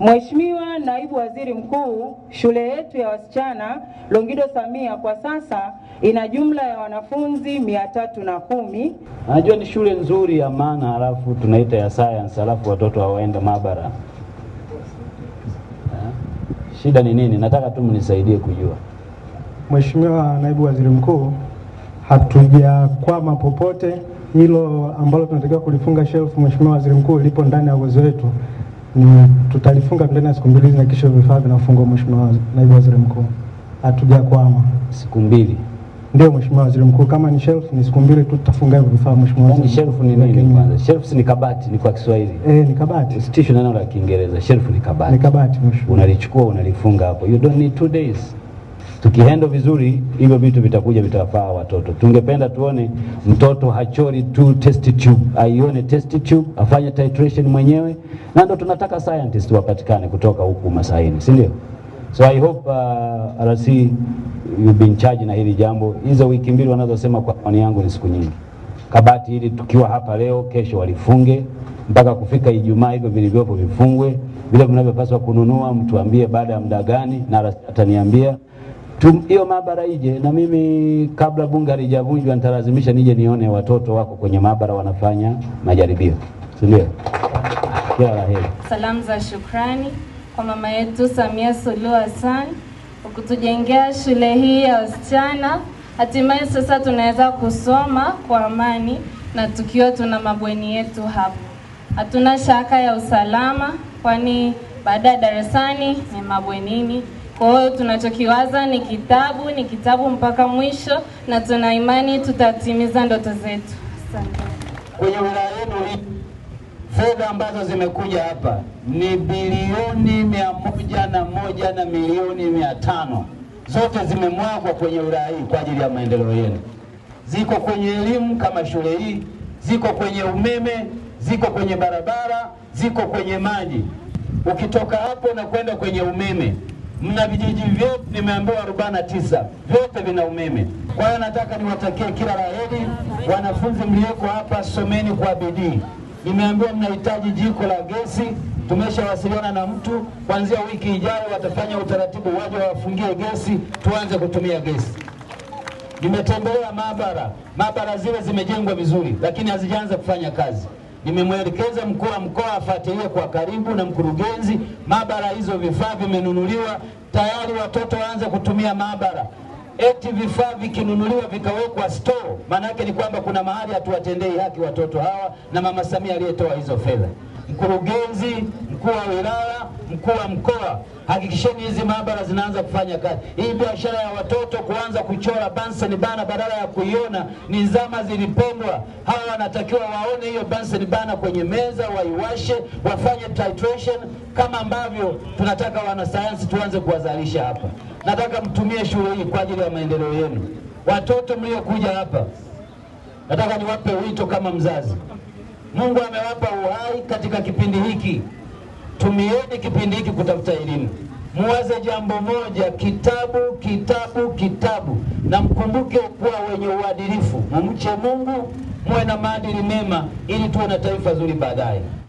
Mheshimiwa Naibu Waziri Mkuu, shule yetu ya wasichana Longido Samia kwa sasa ina jumla ya wanafunzi mia tatu na kumi. Najua ni shule nzuri ya maana, halafu tunaita ya science, halafu watoto hawaenda maabara. Shida ni nini? Nataka tu mnisaidie kujua. Mheshimiwa Naibu Waziri Mkuu, hatujakwama popote. Hilo ambalo tunatakiwa kulifunga shelf, Mheshimiwa Waziri Mkuu, lipo ndani ya uwezo wetu ni mm, tutalifunga ndani ya siku mbili na kisha vifaa vinafungwa. Mheshimiwa Naibu Waziri Mkuu, hatujakwama siku mbili. Ndio Mheshimiwa Waziri Mkuu, kama ni shelf ni siku mbili tu tutafunga hivyo vifaa. Mheshimiwa Waziri yaani shelf ni nini kwanza? Shelf ni kabati, ni kwa Kiswahili eh, ni kabati, usitishe neno la Kiingereza. Shelf ni kabati, ni kabati. Mheshimiwa, unalichukua unalifunga hapo, you don't need two days. Tukihendo vizuri hivyo vitu vitakuja vitawafaa watoto. Tungependa tuone mtoto hachori tu test tube, aione test tube, afanye titration mwenyewe, na ndio tunataka scientist wapatikane kutoka huku Masaini, si ndio? So I hope uh, RC you been charge na hili jambo. Hizo wiki mbili wanazosema kwa maoni yangu ni siku nyingi. Kabati hili tukiwa hapa leo, kesho walifunge mpaka kufika Ijumaa, hivyo vilivyopo vifungwe, vile vinavyopaswa kununua mtuambie baada ya muda gani, na ataniambia hiyo maabara ije na mimi, kabla bunge halijavunjwa nitalazimisha nije nione watoto wako kwenye maabara wanafanya majaribio, sindio Kila la heri. Salamu za shukrani kwa mama yetu Samia Suluhu Hassan kwa kutujengea shule hii ya wasichana. Hatimaye sasa tunaweza kusoma kwa amani na tukiwa tuna mabweni yetu hapo. Hatuna shaka ya usalama, kwani baada ya darasani ni mabwenini. Kwa hiyo tunachokiwaza ni kitabu, ni kitabu mpaka mwisho, na tuna imani tutatimiza ndoto zetu. Asante. Kwenye wilaya yenu fedha ambazo zimekuja hapa ni bilioni mia moja na moja na milioni mia tano zote zimemwagwa kwenye wilaya hii kwa ajili ya maendeleo yenu. Ziko kwenye elimu kama shule hii, ziko kwenye umeme, ziko kwenye barabara, ziko kwenye maji. Ukitoka hapo na kwenda kwenye umeme mna vijiji vyote nimeambiwa arobaini na tisa vyote vina umeme. Kwa hiyo nataka niwatakie kila la heri wanafunzi mlioko hapa, someni kwa bidii. Nimeambiwa mnahitaji jiko la gesi, tumeshawasiliana na mtu, kuanzia wiki ijayo watafanya utaratibu, waje wawafungie gesi, tuanze kutumia gesi. Nimetembelea maabara, maabara zile zimejengwa vizuri, lakini hazijaanza kufanya kazi. Nimemwelekeza mkuu wa mkoa afuatilie kwa karibu na mkurugenzi maabara hizo. Vifaa vimenunuliwa tayari, watoto waanze kutumia maabara. Eti vifaa vikinunuliwa vikawekwa store, maana ni kwamba kuna mahali hatuwatendei haki watoto hawa na mama Samia aliyetoa hizo fedha. Mkurugenzi mkuu wa wilaya, mkuu wa mkoa, hakikisheni hizi maabara zinaanza kufanya kazi. Hii biashara ya watoto kuanza kuchora Bunsen bana badala ya kuiona ni zama zilipendwa. Hawa wanatakiwa waone hiyo Bunsen bana kwenye meza, waiwashe, wafanye titration kama ambavyo tunataka wanasayansi tuanze kuwazalisha hapa. Nataka mtumie shughuli hii kwa ajili ya maendeleo yenu. Watoto mliokuja hapa, nataka niwape wito kama mzazi. Mungu amewapa uhai katika kipindi hiki tumieni kipindi hiki kutafuta elimu, muwaze jambo moja, kitabu, kitabu, kitabu, na mkumbuke kuwa wenye uadilifu, mumche Mungu, muwe na maadili mema, ili tuwe na taifa zuri baadaye.